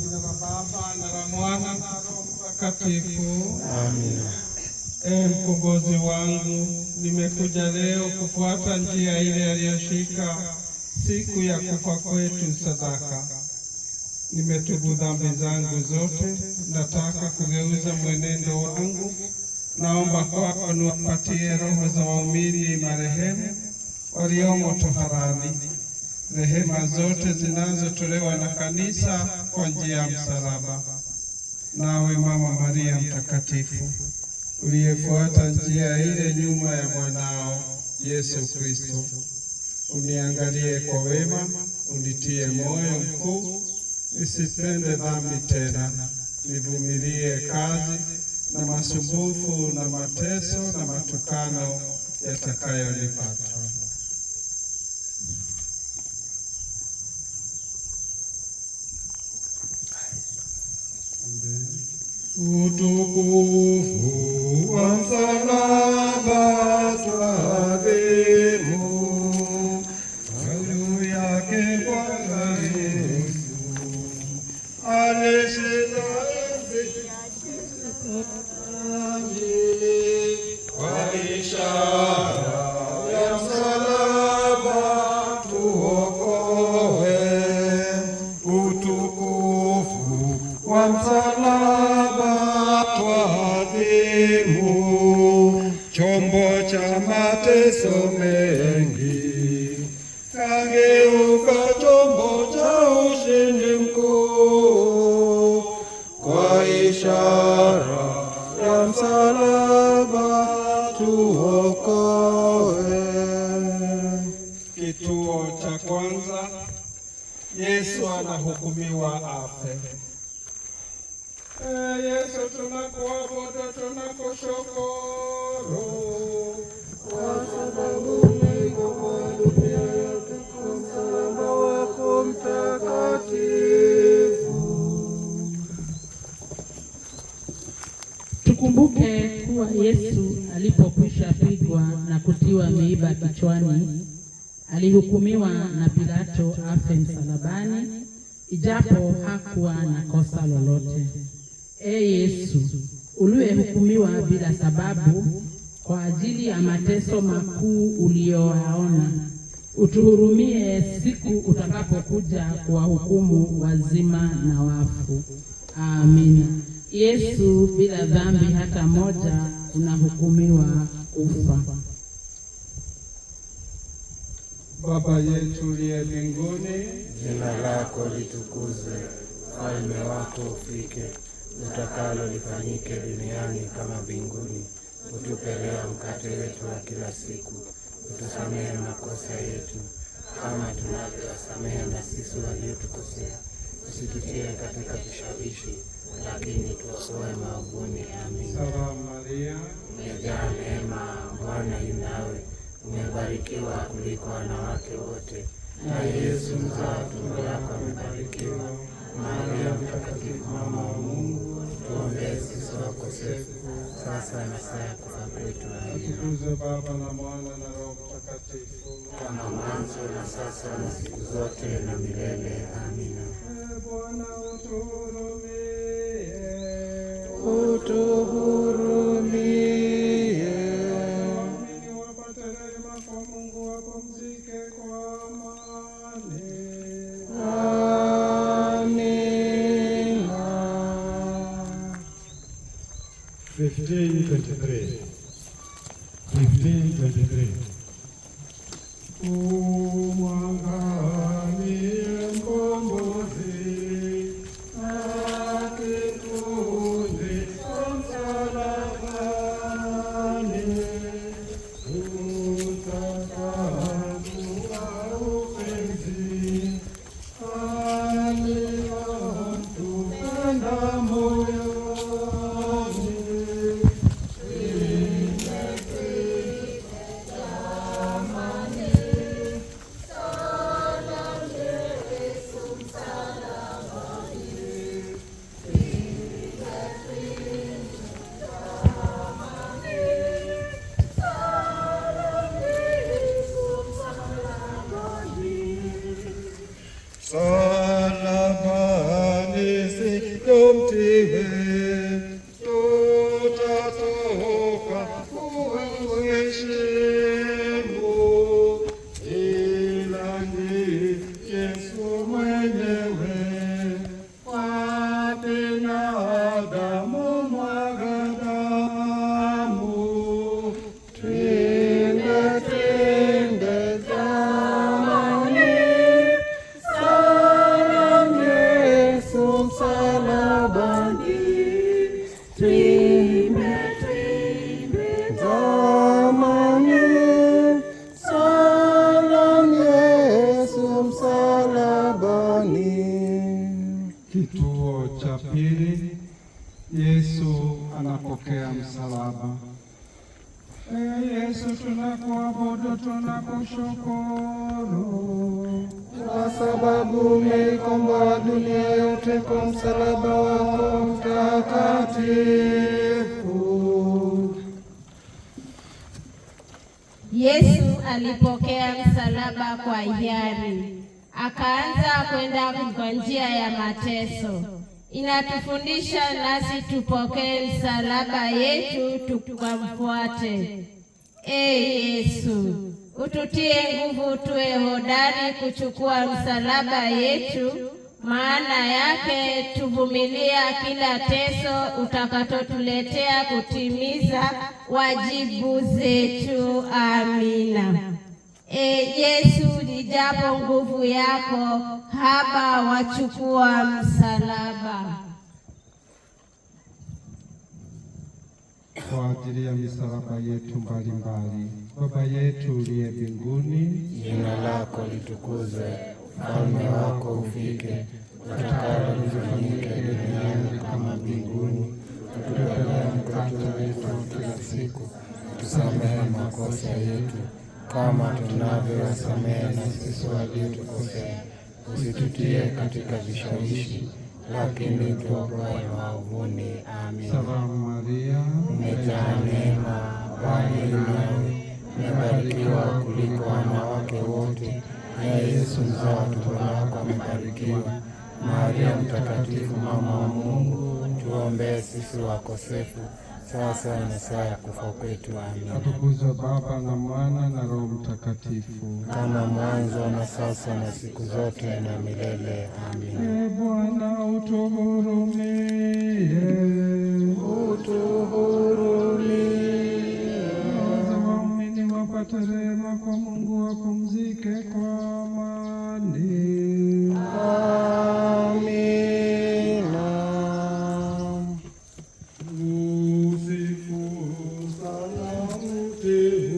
jina la Baba na la Mwana na Roho Mtakatifu. Amina. E mkombozi wangu, nimekuja leo kufuata njia ile aliyoshika siku ya kufa kwetu sadaka. Nimetubu dhambi zangu zote, nataka kugeuza mwenendo wangu. Naomba kwako niwapatie roho za waumini marehemu waliomo toharani rehema zote zinazotolewa na kanisa kwa njia ya msalaba. Nawe Mama Maria mtakatifu, uliyefuata njia ile nyuma ya mwanao Yesu Kristo, uniangalie kwa wema, unitie moyo mkuu, nisipende dhambi tena, nivumilie kazi na masumbufu na mateso na matukano yatakayonipata. Utukufu wa msalaba twadhimu, juu yake Bwana Yesu alishinda dhambi kwa ishara ya msalaba, tuokoe. Utukufu wa msalaba mateso mengi, kageuka chombo cha ushindi mkuu kwa ishara ya msalaba tuokoe. Kituo cha kwanza, Yesu anahukumiwa afe. Ee Yesu, tunakuabudu tunakushukuru Wakati Yesu alipokwisha pigwa na kutiwa miiba kichwani, alihukumiwa na Pilato afe msalabani, ijapo hakuwa na kosa lolote. Ee Yesu uliyehukumiwa bila sababu kwa ajili ya mateso makuu uliyoyaona, utuhurumie siku utakapokuja kuwahukumu wazima na wafu. Amina. Yesu bila dhambi hata moja unahukumiwa kufa. Baba yetu uliye mbinguni, jina lako litukuzwe, ufalme wako ufike, utakalo lifanyike duniani kama mbinguni. Utupe leo mkate wetu wa kila siku, utusamehe makosa yetu kama tunavyowasamehe na sisi waliotukosea, usikitie katika kishawishi, lakini tuokoe maovuni. Amina. amebarikiwa kuliko wanawake wote, na Yesu mzao wa tumbo lako amebarikiwa. Maria Mtakatifu, mama wa Mungu, tuombee sisi wakosefu, sasa na saa ya kufa kwetu. Amina. Baba na Mwana na Roho Mtakatifu, kama mwanzo na sasa na siku zote na milele. Amina. Ee Bwana utuhurumie, utuhurumie 1523. 1523. Oh, my God. tunakushukuru kwa sababu umeikomboa dunia yote kwa msalaba wako mtakatifu. Yesu alipokea msalaba kwa hiari, akaanza kwenda kwa njia ya mateso. Inatufundisha nasi tupokee msalaba yetu tukamfuate. Ee Yesu Ututie nguvu tuwe hodari kuchukua msalaba yetu, maana yake tuvumilia kila teso utakatotuletea kutimiza wajibu zetu. Amina. E Yesu, nijapo nguvu yako, haba wachukua msalaba. kwa ajili ya misalaba yetu mbalimbali. Baba yetu uliye mbinguni, jina lako litukuzwe, ufalme wako ufike, utakalo lifanyike duniani kama mbinguni. Utupe mkate wetu kila siku, tusamehe makosa yetu kama tunavyowasamehe na sisi waliotukosea, usitutie katika vishawishi lakini tuokoe maovuni. Amin. Salamu Maria, umejaa neema, Bwana yu nawe, umebarikiwa kuliko wanawake wote, na ee Yesu mzao wa tumbo lako amebarikiwa. Maria Mtakatifu, mama wa Mungu, tuombee sisi wakosefu sasa na saa ya kufa kwetu. Amina. Atukuzwe Baba na Mwana na Roho Mtakatifu, kama mwanzo na sasa na siku zote na milele. Amina. Ee upate rehema kwa Mungu wapumzike kwa amani. Amina. Usifu sana mteule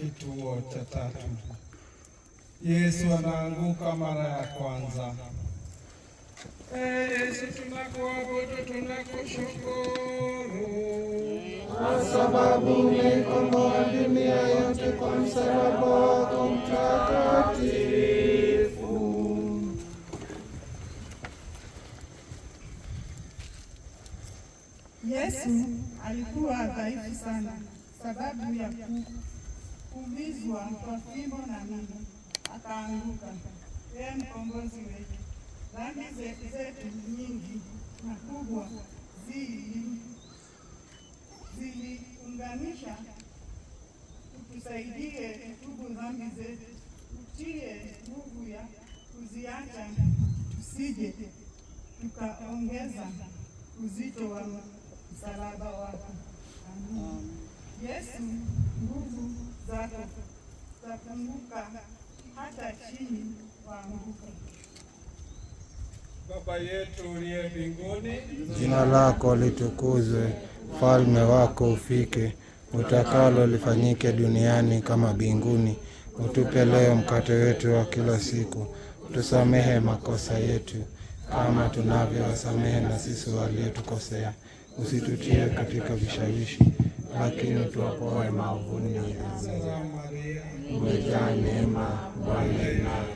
kituo cha tatu. Yesu anaanguka mara ya kwanza. E, Yesu tunakuabudu, tunakushukuru kwa sababu umeikomboa dunia yote kwa msalaba wako mtakatifu. Yesu alikuwa dhaifu sana sababu ya kuvizwa kwa fimbo na mimi, akaanguka. Ee mkombozi wetu, dhambi zetu nyingi na kubwa ziliunganisha, utusaidie tubu dhambi zetu, utie nguvu ya kuziacha, tusije tukaongeza uzito wa msalaba wako. Amen. Yesu nguvu hata chini waanguka. Baba yetu uliye mbinguni, jina lako litukuzwe, ufalme wako ufike, utakalo lifanyike duniani kama binguni Utupe leo mkate wetu wa kila siku, tusamehe makosa yetu kama tunavyowasamehe na sisi waliotukosea, usitutie katika vishawishi lakini tuokoe maovuni. Umejaa neema, Bwana nawe,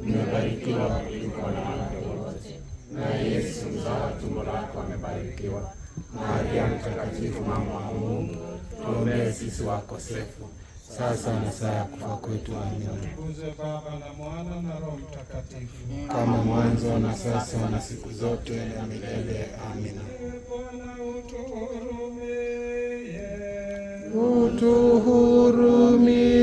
umebarikiwa kuliko wanawake wote, na Yesu mzao tumbo lako amebarikiwa. Maria Mtakatifu, mama wa Mungu, tuombee sisi wakosefu sasa na saa ya kufa kwetu. Amina. Baba na Mwana na Roho Mtakatifu, kama mwanzo na sasa na siku zote na milele. Amina. Ee Kutu hurumi